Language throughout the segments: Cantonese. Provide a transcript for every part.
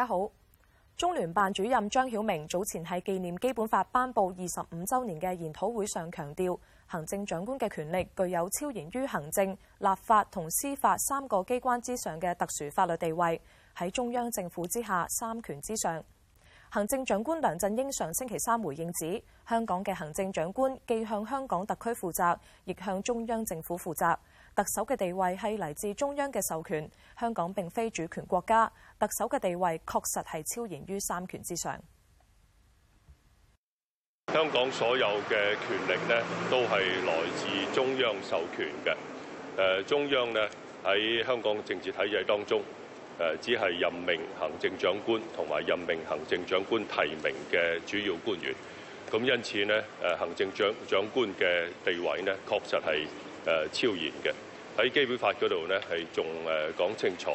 大家好，中聯辦主任張曉明早前喺紀念基本法頒布二十五周年嘅研討會上強調，行政長官嘅權力具有超然於行政、立法同司法三個機關之上嘅特殊法律地位，喺中央政府之下三權之上。行政長官梁振英上星期三回應指，香港嘅行政長官既向香港特區負責，亦向中央政府負責。特首嘅地位係嚟自中央嘅授權，香港並非主權國家，特首嘅地位確實係超然於三權之上。香港所有嘅權力呢，都係來自中央授權嘅。誒，中央呢，喺香港政治體制當中，誒只係任命行政長官同埋任命行政長官提名嘅主要官員。咁因此呢，誒行政長長官嘅地位呢，確實係。誒超然嘅，喺基本法嗰度咧，係仲，誒講清楚，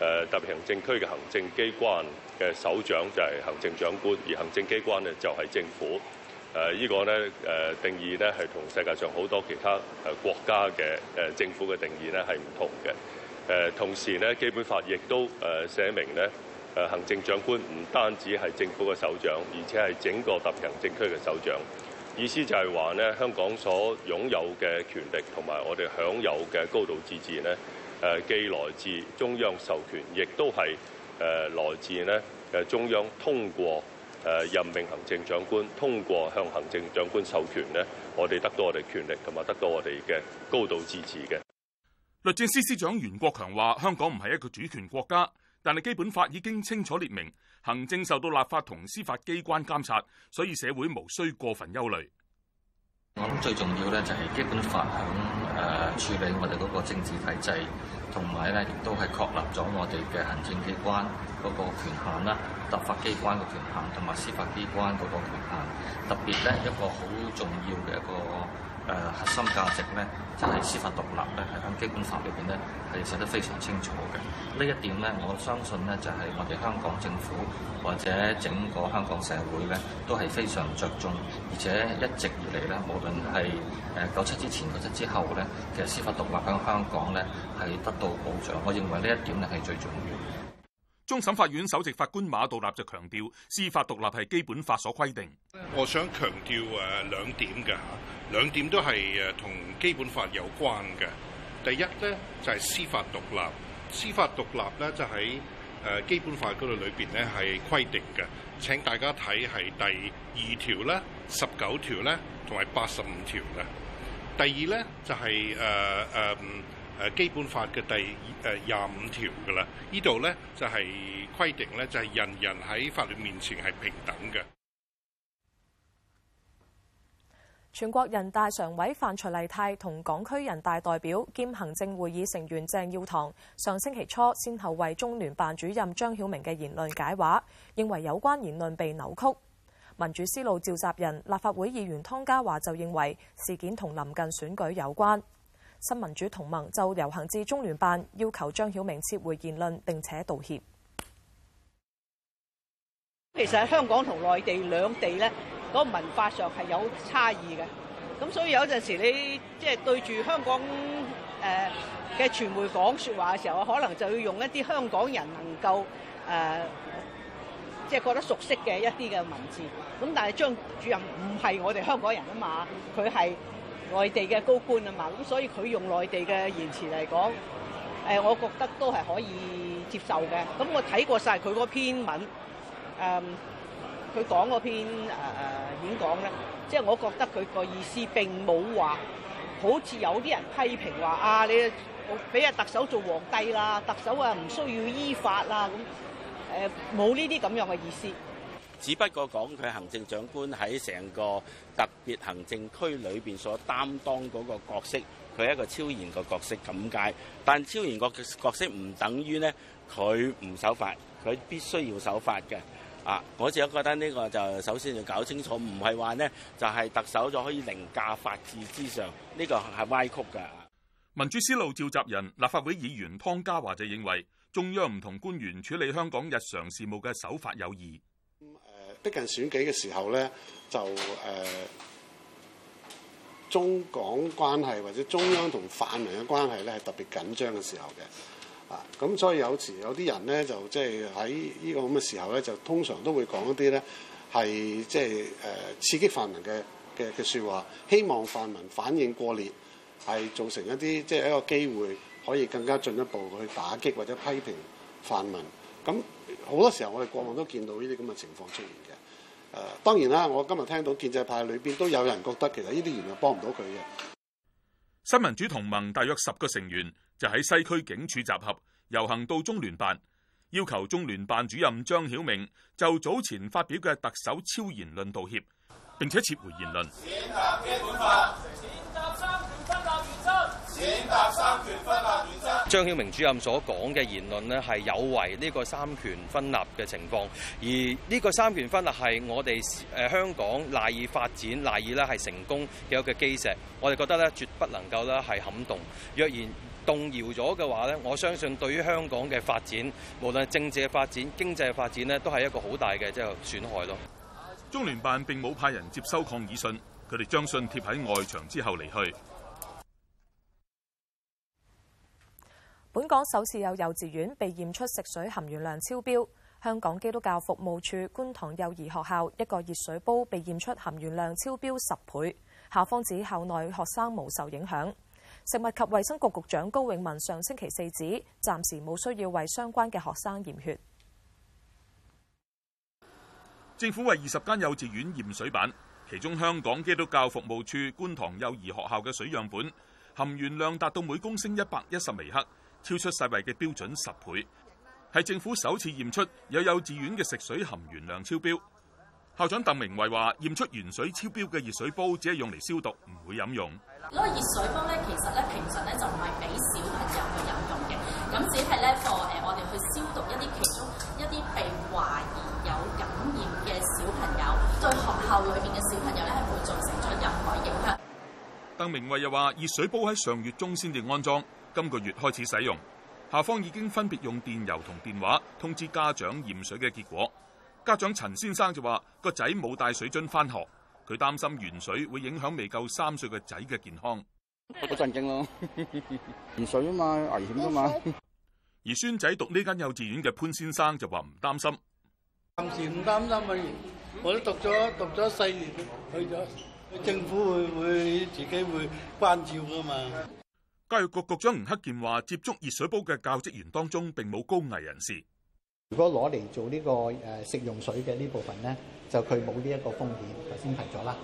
誒特別行政區嘅行政機關嘅首長就係行政長官，而行政機關呢就係政府。誒呢個呢，誒定義咧，係同世界上好多其他誒國家嘅誒政府嘅定義咧，係唔同嘅。誒同時呢，基本法亦都誒寫明呢，誒行政長官唔單止係政府嘅首長，而且係整個特別行政區嘅首長。意思就係話咧，香港所擁有嘅權力同埋我哋享有嘅高度自治咧，誒，既來自中央授權，亦都係誒來自咧誒中央通過誒任命行政長官，通過向行政長官授權咧，我哋得到我哋權力同埋得到我哋嘅高度自治嘅。律政司司長袁國強話：香港唔係一個主權國家。但係基本法已經清楚列明，行政受到立法同司法機關監察，所以社會無需過分憂慮。我諗最重要咧就係基本法響誒處理我哋嗰個政治體制，同埋咧亦都係確立咗我哋嘅行政機關嗰個權限啦、立法機關個權限，同埋司法機關嗰個權限。特別咧一個好重要嘅一個。誒核心價值咧，就係司法獨立咧，係喺基本法裏面咧係寫得非常清楚嘅。呢一點咧，我相信咧就係、是、我哋香港政府或者整個香港社會咧都係非常着重，而且一直以嚟咧，無論係誒九七之前或者之後咧，其實司法獨立喺香港咧係得到保障。我認為呢一點咧係最重要。終審法院首席法官馬道立就強調，司法獨立係基本法所規定。我想強調誒兩點㗎。兩點都係誒同基本法有關嘅。第一咧就係、是、司法獨立，司法獨立咧就喺、是、誒、呃、基本法嗰度裏邊咧係規定嘅。請大家睇係第二條咧、十九條咧同埋八十五條嘅。第二咧就係誒誒誒基本法嘅第誒廿、呃、五條嘅啦。呢度咧就係、是、規定咧就係、是、人人喺法律面前係平等嘅。全國人大常委范徐麗泰同港區人大代表兼行政會議成員鄭耀棠上星期初先後為中聯辦主任張曉明嘅言論解話，認為有關言論被扭曲。民主思路召集人立法會議員湯家驊就認為事件同臨近選舉有關。新民主同盟就遊行至中聯辦，要求張曉明撤回言論並且道歉。其實喺香港同內地兩地呢，個文化上係有差異嘅，咁所以有陣時你即係、就是、對住香港誒嘅、呃、傳媒講説話嘅時候，可能就要用一啲香港人能夠誒即係覺得熟悉嘅一啲嘅文字。咁但係張主任唔係我哋香港人啊嘛，佢係外地嘅高官啊嘛，咁所以佢用內地嘅言辭嚟講，誒、呃、我覺得都係可以接受嘅。咁我睇過晒佢嗰篇文，誒、呃。佢講嗰篇誒誒演講咧，即係我覺得佢個意思並冇話，好似有啲人批評話啊，你俾啊特首做皇帝啦，特首啊唔需要依法啦咁，誒冇呢啲咁樣嘅意思。只不過講佢行政長官喺成個特別行政區裏邊所擔當嗰個角色，佢係一個超然嘅角色咁解。但超然個角色唔等於咧，佢唔守法，佢必須要守法嘅。啊！我自己覺得呢個就首先要搞清楚，唔係話呢，就係、是、特首就可以凌駕法治之上，呢、這個係歪曲嘅。民主思路召集人、立法會議員湯家華就認為，中央唔同官員處理香港日常事務嘅手法有異。誒、呃，逼近選舉嘅時候呢，就誒、呃、中港關係或者中央同泛民嘅關係咧，係特別緊張嘅時候嘅。咁、啊、所以有時有啲人咧，就即係喺呢個咁嘅時候咧，就通常都會講一啲咧，係即係誒刺激泛民嘅嘅嘅説話，希望泛民反應過烈，係造成一啲即係一個機會，可以更加進一步去打擊或者批評泛民。咁好多時候我哋過往都見到呢啲咁嘅情況出現嘅。誒、啊，當然啦，我今日聽到建制派裏邊都有人覺得其實呢啲原來幫唔到佢嘅。新民主同盟大約十個成員就喺西區警署集合，遊行到中聯辦，要求中聯辦主任張曉明就早前發表嘅特首超言論道歉，並且撤回言論。張曉明主任所講嘅言論咧，係有違呢個三權分立嘅情況，而呢個三權分立係我哋誒香港賴以發展、賴以咧係成功嘅一個基石。我哋覺得咧，絕不能夠咧係撼動。若然動搖咗嘅話咧，我相信對於香港嘅發展，無論係政治嘅發展、經濟嘅發展咧，都係一個好大嘅即係損害咯。中聯辦並冇派人接收抗議信，佢哋將信貼喺外牆之後離去。本港首次有幼稚園被驗出食水含鉛量超標。香港基督教服務處觀塘幼兒學校一個熱水煲被驗出含鉛量超標十倍。校方指校內學生無受影響。食物及衛生局局長高永文上星期四指，暫時冇需要為相關嘅學生驗血。政府為二十間幼稚園驗水辦，其中香港基督教服務處觀塘幼兒學校嘅水樣本含鉛量達到每公升一百一十微克。超出世衞嘅標準十倍，係政府首次驗出有幼稚園嘅食水含鉛量超標。校長鄧明慧話：驗出鉛水超標嘅熱水煲，只係用嚟消毒，唔會飲用。嗰個熱水煲咧，其實咧平常咧就唔係俾小朋友去飲用嘅，咁只係咧個誒，我哋去消毒一啲其中一啲被懷疑有感染嘅小朋友，對學校裏面嘅小朋友咧係唔會造成咗任何影響。鄧明慧又話：熱水煲喺上月中先至安裝。今個月開始使用，校方已經分別用電郵同電話通知家長驗水嘅結果。家長陳先生就話：個仔冇帶水樽翻學，佢擔心鉛水會影響未夠三歲嘅仔嘅健康。好震驚咯，鉛 水啊嘛，危險啊嘛。 而孫仔讀呢間幼稚園嘅潘先生就話唔擔心，暫時唔擔心啊！我都讀咗讀咗四年，去咗政府會會自己會關照噶嘛。教育局局長吳克儉話：接觸熱水煲嘅教職員當中，並冇高危人士。如果攞嚟做呢個誒食用水嘅呢部分咧，就佢冇呢一個風險。頭先提咗啦，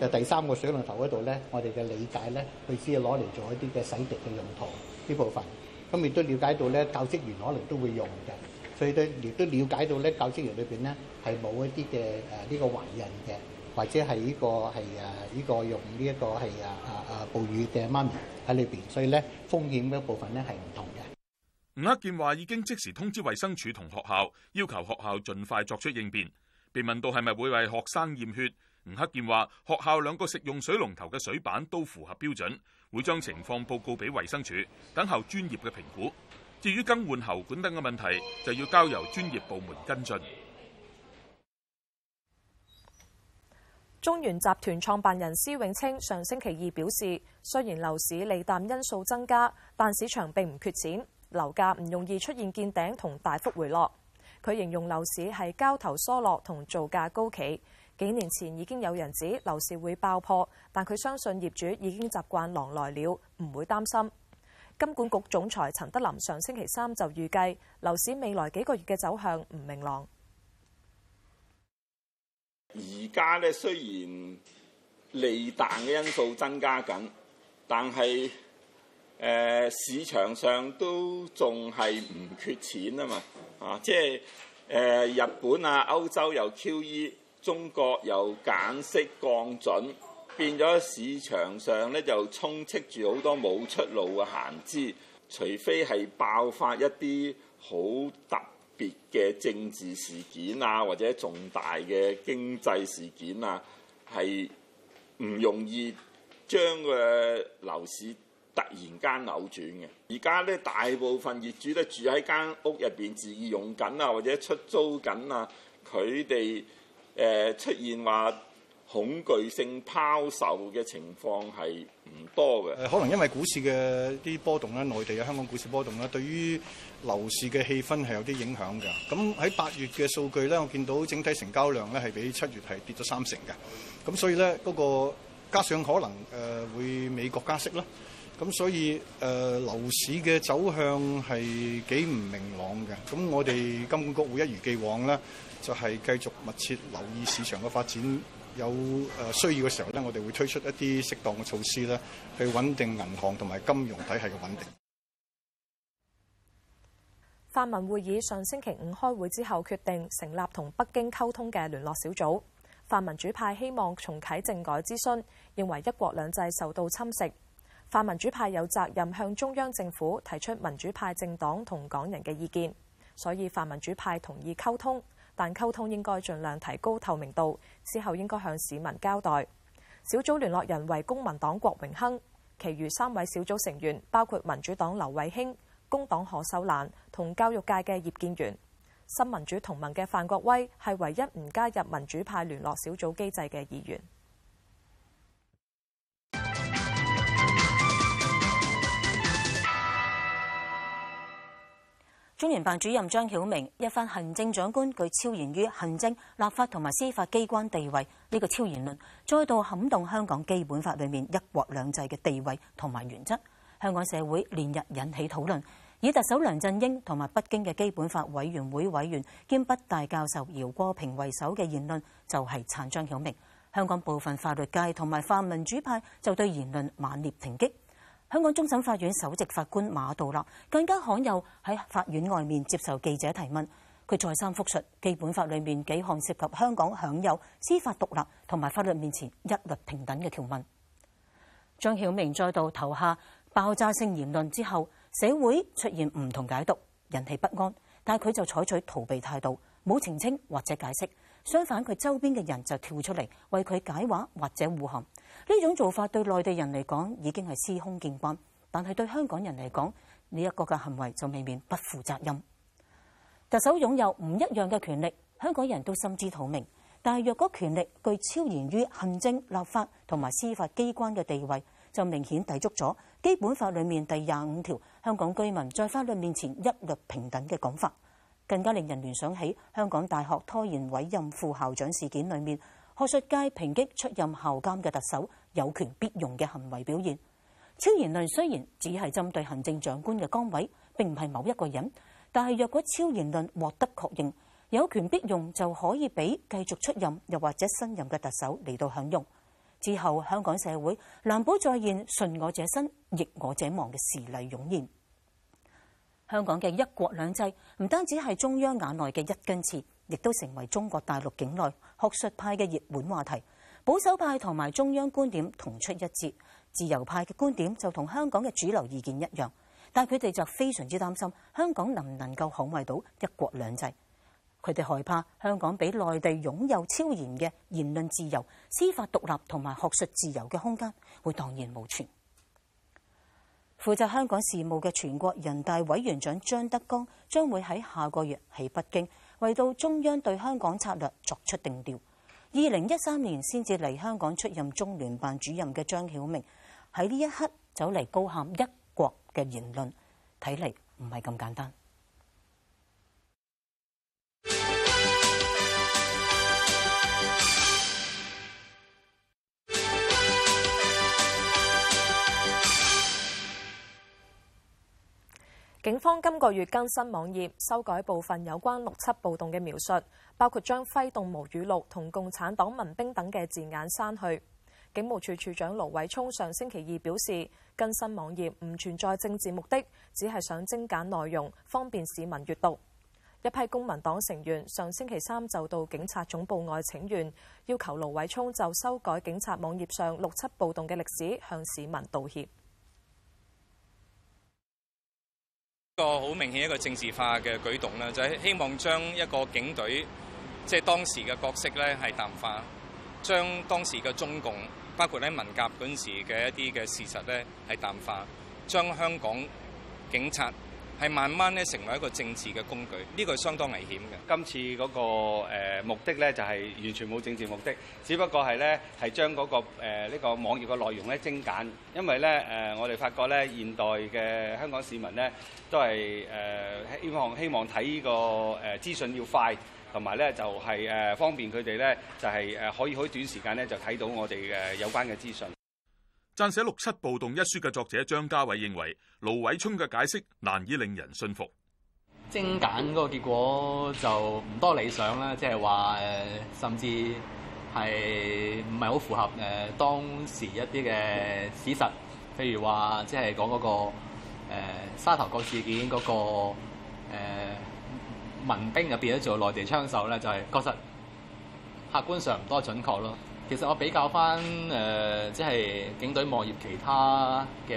就第三個水龍頭嗰度咧，我哋嘅理解咧，佢只係攞嚟做一啲嘅洗滌嘅用途呢部分。咁亦都了解到咧，教職員攞嚟都會用嘅，所以都亦都了解到咧，教職員裏邊咧係冇一啲嘅誒呢個懷孕嘅。或者係呢個係誒呢個用呢一個係啊啊啊暴雨嘅媽咪喺裏邊，所以咧風險嘅部分咧係唔同嘅。吳克健話已經即時通知衛生署同學校，要求學校盡快作出應變。被問到係咪會為學生驗血，吳克健話學校兩個食用水龍頭嘅水板都符合標準，會將情況報告俾衛生署，等候專業嘅評估。至於更換喉管等嘅問題，就要交由專業部門跟進。中原集團創辦人施永青上星期二表示，雖然樓市利淡因素增加，但市場並唔缺錢，樓價唔容易出現見頂同大幅回落。佢形容樓市係交投疏落同造價高企。幾年前已經有人指樓市會爆破，但佢相信業主已經習慣狼來了，唔會擔心。金管局總裁陳德霖上星期三就預計樓市未來幾個月嘅走向唔明朗。而家咧，雖然利淡嘅因素增加緊，但係誒、呃、市場上都仲係唔缺錢嘛啊，嘛啊，即係誒日本啊歐洲又 QE，中國又減息降準，變咗市場上咧，就充斥住好多冇出路嘅閒資，除非係爆發一啲好特。特別嘅政治事件啊，或者重大嘅經濟事件啊，係唔容易將個樓市突然間扭轉嘅。而家咧，大部分業主都住喺間屋入邊自用緊啊，或者出租緊啊，佢哋誒出現話恐懼性拋售嘅情況係唔多嘅，可能因為股市嘅啲波動咧，內地嘅香港股市波動咧，對於樓市嘅氣氛係有啲影響嘅。咁喺八月嘅數據咧，我見到整體成交量咧係比七月係跌咗三成嘅。咁所以咧嗰個加上可能誒會美國加息啦，咁所以誒樓市嘅走向係幾唔明朗嘅。咁我哋金管局會一如既往咧，就係繼續密切留意市場嘅發展。有誒需要嘅時候呢，我哋會推出一啲適當嘅措施呢，去穩定銀行同埋金融體系嘅穩定。泛民會議上星期五開會之後，決定成立同北京溝通嘅聯絡小組。泛民主派希望重啟政改諮詢，認為一國兩制受到侵蝕。泛民主派有責任向中央政府提出民主派政黨同港人嘅意見，所以泛民主派同意溝通。但溝通應該盡量提高透明度，之後應該向市民交代。小組聯絡人為公民黨郭榮鏗，其餘三位小組成員包括民主黨劉慧卿、工黨何秀蘭同教育界嘅葉建源。新民主同盟嘅范國威係唯一唔加入民主派聯絡小組機制嘅議員。中聯辦主任張曉明一番行政長官具超然於行政、立法同埋司法機關地位呢、這個超言論，再度撼動香港基本法裏面一國兩制嘅地位同埋原則。香港社會連日引起討論，以特首梁振英同埋北京嘅基本法委員會委員、兼北大教授姚國平為首嘅言論，就係、是、撐張曉明。香港部分法律界同埋泛民主派就對言論猛烈抨擊。香港終審法院首席法官馬道立更加罕有喺法院外面接受記者提問，佢再三復述《基本法》裏面幾項涉及香港享有司法獨立同埋法律面前一律平等嘅條文。張曉明再度投下爆炸性言論之後，社會出現唔同解讀，引起不安，但佢就採取逃避態度，冇澄清或者解釋。相反，佢周邊嘅人就跳出嚟為佢解話或者護航。呢種做法對內地人嚟講已經係司空見慣，但係對香港人嚟講，呢一個嘅行為就未免不負責任。特首擁有唔一樣嘅權力，香港人都心知肚明。但係若果權力具超然於行政、立法同埋司法機關嘅地位，就明顯抵觸咗《基本法》裏面第廿五條香港居民在法律面前一律平等嘅講法，更加令人聯想起香港大學拖延委任副校長事件裏面。學術界抨擊出任校監嘅特首有權必用嘅行為表現。超言論雖然只係針對行政長官嘅崗位，並唔係某一個人，但係若果超言論獲得確認，有權必用就可以俾繼續出任又或者新任嘅特首嚟到享用。之後香港社會難保再現信我者生，逆我者亡嘅事例湧現。香港嘅一國兩制唔單止係中央眼內嘅一根刺，亦都成為中國大陸境內學術派嘅熱門話題，保守派同埋中央觀點同出一轍，自由派嘅觀點就同香港嘅主流意見一樣，但佢哋就非常之擔心香港能唔能夠捍衛到一國兩制。佢哋害怕香港比內地擁有超然嘅言論自由、司法獨立同埋學術自由嘅空間會蕩然無存。負責香港事務嘅全國人大委員長張德江將會喺下個月喺北京，為到中央對香港策略作出定調。二零一三年先至嚟香港出任中聯辦主任嘅張曉明，喺呢一刻走嚟高喊一國嘅言論，睇嚟唔係咁簡單。警方今個月更新網頁，修改部分有關六七暴動嘅描述，包括將揮動毛語錄同共產黨民兵等嘅字眼刪去。警務處處長盧偉聰上星期二表示，更新網頁唔存在政治目的，只係想精簡內容，方便市民閱讀。一批公民黨成員上星期三就到警察總部外請願，要求盧偉聰就修改警察網頁上六七暴動嘅歷史，向市民道歉。一個好明顯，一個政治化嘅舉動啦，就係、是、希望將一個警隊，即係當時嘅角色咧係淡化，將當時嘅中共包括咧文革嗰陣時嘅一啲嘅事實咧係淡化，將香港警察。係慢慢咧成為一個政治嘅工具，呢個係相當危險嘅。今次嗰個誒目的咧就係完全冇政治目的，只不過係咧係將嗰個誒呢個網頁嘅內容咧精簡，因為咧誒我哋發覺咧現代嘅香港市民咧都係誒希望希望睇呢個誒資訊要快，同埋咧就係誒方便佢哋咧就係誒可以好短時間咧就睇到我哋誒有關嘅資訊。撰寫《六七暴動》一書嘅作者張家偉認為，盧偉聰嘅解釋難以令人信服。精簡個結果就唔多理想啦，即係話甚至係唔係好符合誒當時一啲嘅事實。譬如話，即係講嗰個誒沙頭角事件嗰個誒民兵入邊咧做內地槍手咧，就係確實客觀上唔多準確咯。其實我比較翻誒，即、呃、係、就是、警隊網頁其他嘅誒、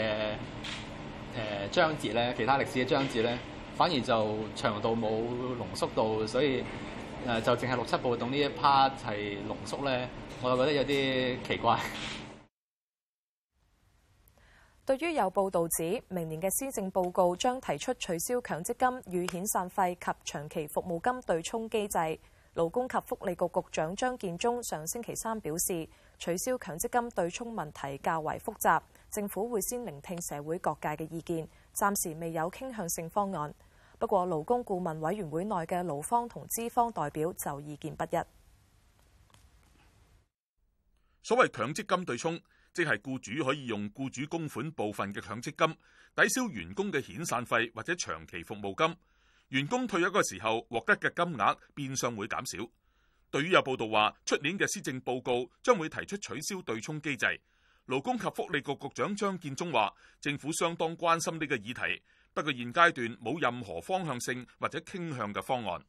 呃、章節咧，其他歷史嘅章節咧，反而就長度冇濃縮到，所以誒、呃、就淨係六七暴動呢一 part 係濃縮咧，我就覺得有啲奇怪。對於有報道指明年嘅施政報告將提出取消強積金與遣散費及長期服務金對沖機制。勞工及福利局局長張建宗上星期三表示，取消強積金對沖問題較為複雜，政府會先聆聽社會各界嘅意見，暫時未有傾向性方案。不過，勞工顧問委員會內嘅勞方同資方代表就意見不一。所謂強積金對沖，即係僱主可以用僱主供款部分嘅強積金抵消員工嘅遣散費或者長期服務金。員工退休嘅時候獲得嘅金額變相會減少。對於有報道話，出年嘅施政報告將會提出取消對沖機制。勞工及福利局局長張建宗話：政府相當關心呢個議題，不過現階段冇任何方向性或者傾向嘅方案。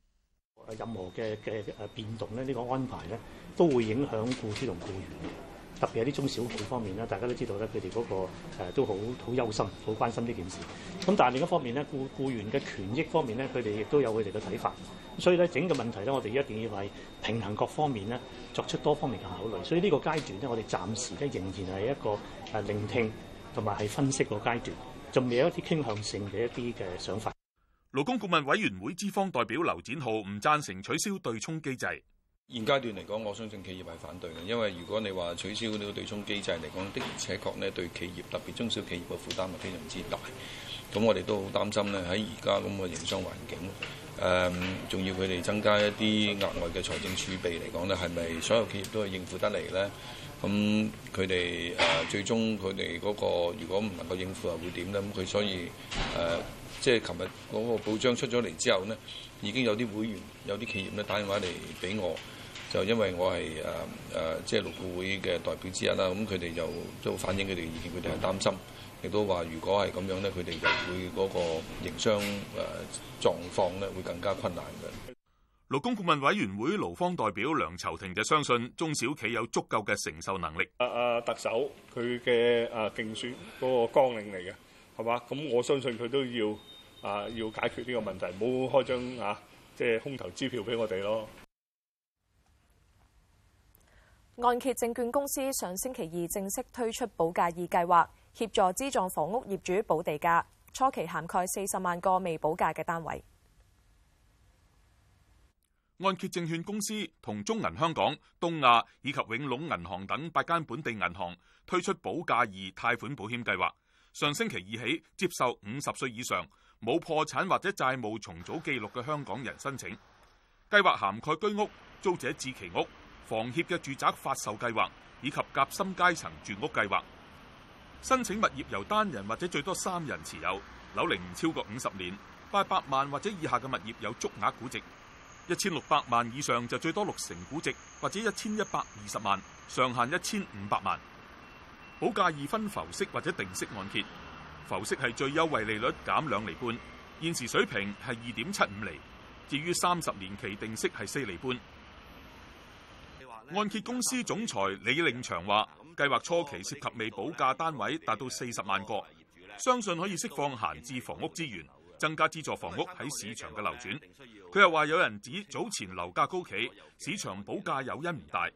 任何嘅嘅誒變動咧，呢、呢個安排咧都會影響僱主同僱員。特別係啲中小企方面啦，大家都知道咧，佢哋嗰個誒都好好憂心，好關心呢件事。咁但係另一方面咧，僱僱員嘅權益方面咧，佢哋亦都有佢哋嘅睇法。所以咧，整個問題咧，我哋一定要為平衡各方面咧，作出多方面嘅考慮。所以呢個階段咧，我哋暫時咧仍然係一個誒聆聽同埋係分析個階段，仲未有一啲傾向性嘅一啲嘅想法。勞工顧問委員會資方代表劉展浩唔贊成取消對沖機制。現階段嚟講，我相信企業係反對嘅，因為如果你話取消呢個對沖機制嚟講，的而且確呢對企業，特別中小企業嘅負擔係非常之大。咁我哋都好擔心呢，喺而家咁嘅營商環境，誒、呃，仲要佢哋增加一啲額外嘅財政儲備嚟講呢係咪所有企業都係應付得嚟呢？咁佢哋誒，最終佢哋嗰個如果唔能夠應付又，會點呢？咁佢所以誒。呃即係琴日嗰個報章出咗嚟之後呢，已經有啲會員、有啲企業咧打電話嚟俾我，就因為我係誒誒即係勞工會嘅代表之一啦。咁佢哋就都反映佢哋意見，佢哋係擔心，亦都話如果係咁樣咧，佢哋就會嗰個營商誒、啊、狀況咧會更加困難嘅。勞工顧問委員會勞方代表梁籌庭就相信中小企有足夠嘅承受能力。阿、啊、阿、啊、特首佢嘅誒競選嗰、那個綱領嚟嘅係嘛？咁我相信佢都要。啊！要解決呢個問題，唔好開張啊，即係空頭支票俾我哋咯。按揭證券公司上星期二正式推出補價易計劃，協助資助房屋業主補地價，初期涵蓋四十萬個未補價嘅單位。按揭證券公司同中銀香港、東亞以及永隆銀行等八間本地銀行推出補價易貸款保險計劃，上星期二起接受五十歲以上。冇破產或者債務重組記錄嘅香港人申請，計劃涵蓋居屋、租者置其屋、房協嘅住宅發售計劃以及夾心階層住屋計劃。申請物業由單人或者最多三人持有，樓齡唔超過五十年，八百萬或者以下嘅物業有足額估值，一千六百萬以上就最多六成估值，或者一千一百二十萬上限一千五百萬。補價易分浮息或者定息按揭。浮息係最優惠利率減兩厘半，現時水平係二點七五厘，至於三十年期定息係四厘半。按揭公司總裁李令祥話：計劃初期涉及未補價單位達到四十萬個，相信可以釋放閒置房屋資源，增加資助房屋喺市場嘅流轉。佢又話：有人指早前樓價高企，市場補價有因唔大；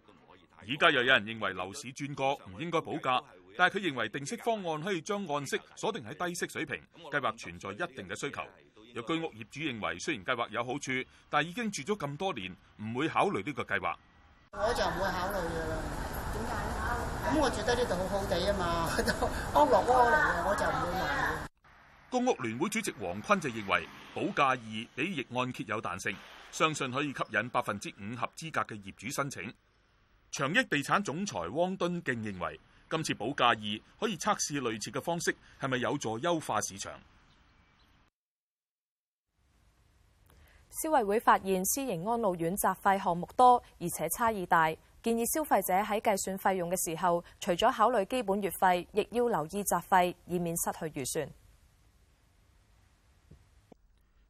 而家又有人認為樓市轉角唔應該補價。但係佢認為定息方案可以將按息鎖定喺低息水平，計劃存在一定嘅需求。有居屋業主認為雖然計劃有好處，但已經住咗咁多年，唔會考慮呢個計劃。我就唔會考慮㗎，點解咧？咁我住得呢度好好地啊嘛，安樂窩嚟嘅，我就唔會賣嘅。公屋聯會主席王坤就認為補價易比逆按揭有彈性，相信可以吸引百分之五合資格嘅業主申請。長益地產總裁汪敦敬認為。今次補價易可以測試類似嘅方式，係咪有助優化市場？消委會發現，私營安老院雜費項目多，而且差異大，建議消費者喺計算費用嘅時候，除咗考慮基本月費，亦要留意雜費，以免失去預算。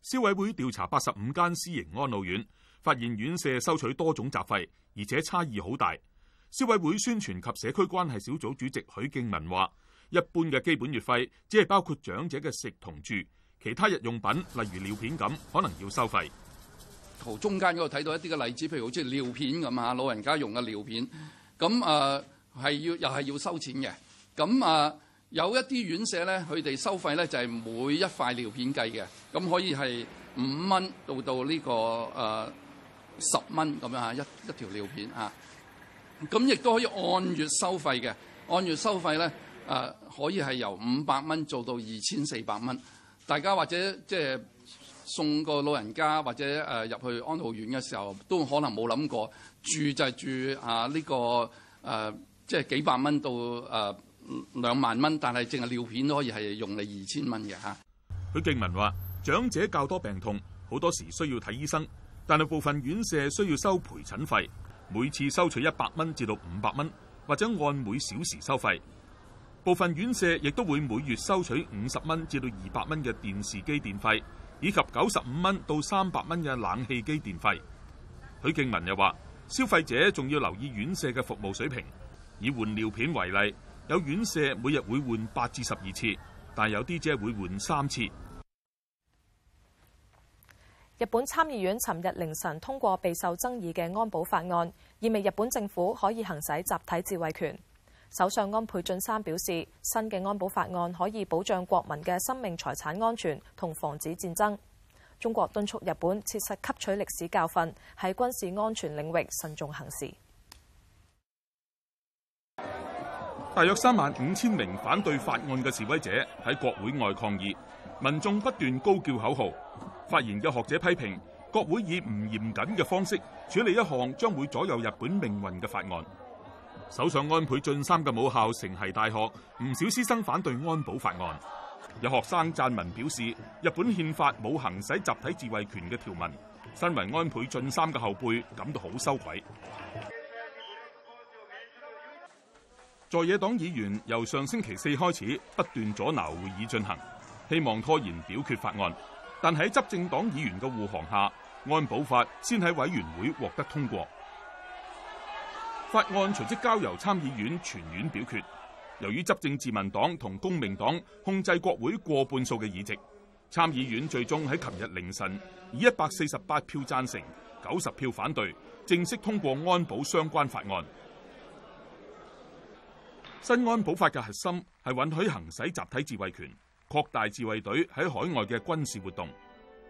消委會調查八十五間私營安老院，發現院舍收取多種雜費，而且差異好大。消委會宣傳及社區關係小組主席許敬文話，一般嘅基本月費只係包括長者嘅食同住，其他日用品例如尿片咁，可能要收費。圖中間嗰度睇到一啲嘅例子，譬如好似尿片咁啊，老人家用嘅尿片，咁啊係要又係要收錢嘅。咁啊、呃、有一啲院舍咧，佢哋收費咧就係、是、每一塊尿片計嘅，咁可以係五蚊到到、這、呢個誒十蚊咁樣吓，一一條尿片啊。咁亦都可以按月收費嘅，按月收費咧，誒、呃、可以係由五百蚊做到二千四百蚊。大家或者即係、就是、送個老人家或者誒入、呃、去安老院嘅時候，都可能冇諗過住就係住啊呢、這個誒，即、呃、係、就是、幾百蚊到誒兩萬蚊，但係淨係尿片都可以係用你二千蚊嘅嚇。許敬文話：長者較多病痛，好多時需要睇醫生，但係部分院舍需要收陪診費。每次收取一百蚊至到五百蚊，或者按每小時收費。部分院舍亦都會每月收取五十蚊至到二百蚊嘅電視機電費，以及九十五蚊到三百蚊嘅冷氣機電費。許敬文又話：消費者仲要留意院舍嘅服務水平。以換尿片為例，有院舍每日會換八至十二次，但有啲只係會換三次。日本參議院尋日凌晨通過備受爭議嘅安保法案，意味日本政府可以行使集體自衛權。首相安倍晉三表示，新嘅安保法案可以保障國民嘅生命財產安全同防止戰爭。中國敦促日本切實吸取歷史教訓，喺軍事安全領域慎重行事。大約三萬五千名反對法案嘅示威者喺國會外抗議，民眾不斷高叫口號。發言嘅學者批評，國會以唔嚴謹嘅方式處理一項將會左右日本命運嘅法案。首相安倍晉三嘅母校成蹊大學，唔少師生反對安保法案。有學生撰文表示，日本憲法冇行使集體自衛權嘅條文，身為安倍晉三嘅後輩感到好羞愧。在野黨議員由上星期四開始不斷阻撓會議進行，希望拖延表決法案。但喺執政黨議員嘅護航下，安保法先喺委員會獲得通過。法案隨即交由參議院全院表決。由於執政自民黨同公明黨控制國會過半數嘅議席，參議院最終喺琴日凌晨以一百四十八票贊成、九十票反對，正式通過安保相關法案。新安保法嘅核心係允許行使集體自衛權，擴大自衛隊喺海外嘅軍事活動。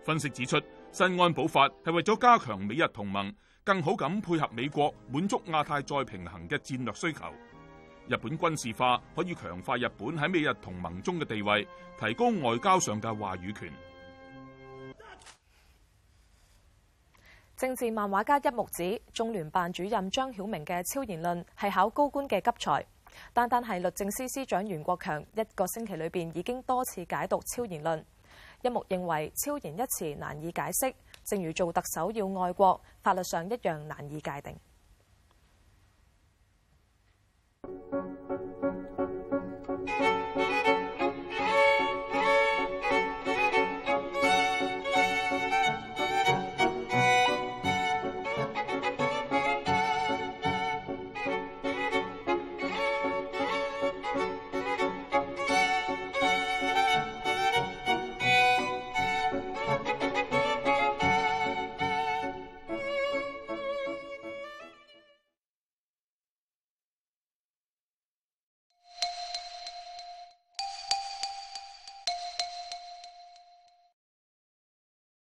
分析指出，新安保法係為咗加強美日同盟，更好咁配合美國，滿足亞太再平衡嘅戰略需求。日本軍事化可以強化日本喺美日同盟中嘅地位，提高外交上嘅話語權。政治漫畫家一木指，中聯辦主任張曉明嘅超言論係考高官嘅急才。單單係律政司司長袁國強一個星期裏邊已經多次解讀超言論，一木認為超言一詞難以解釋，正如做特首要愛國，法律上一樣難以界定。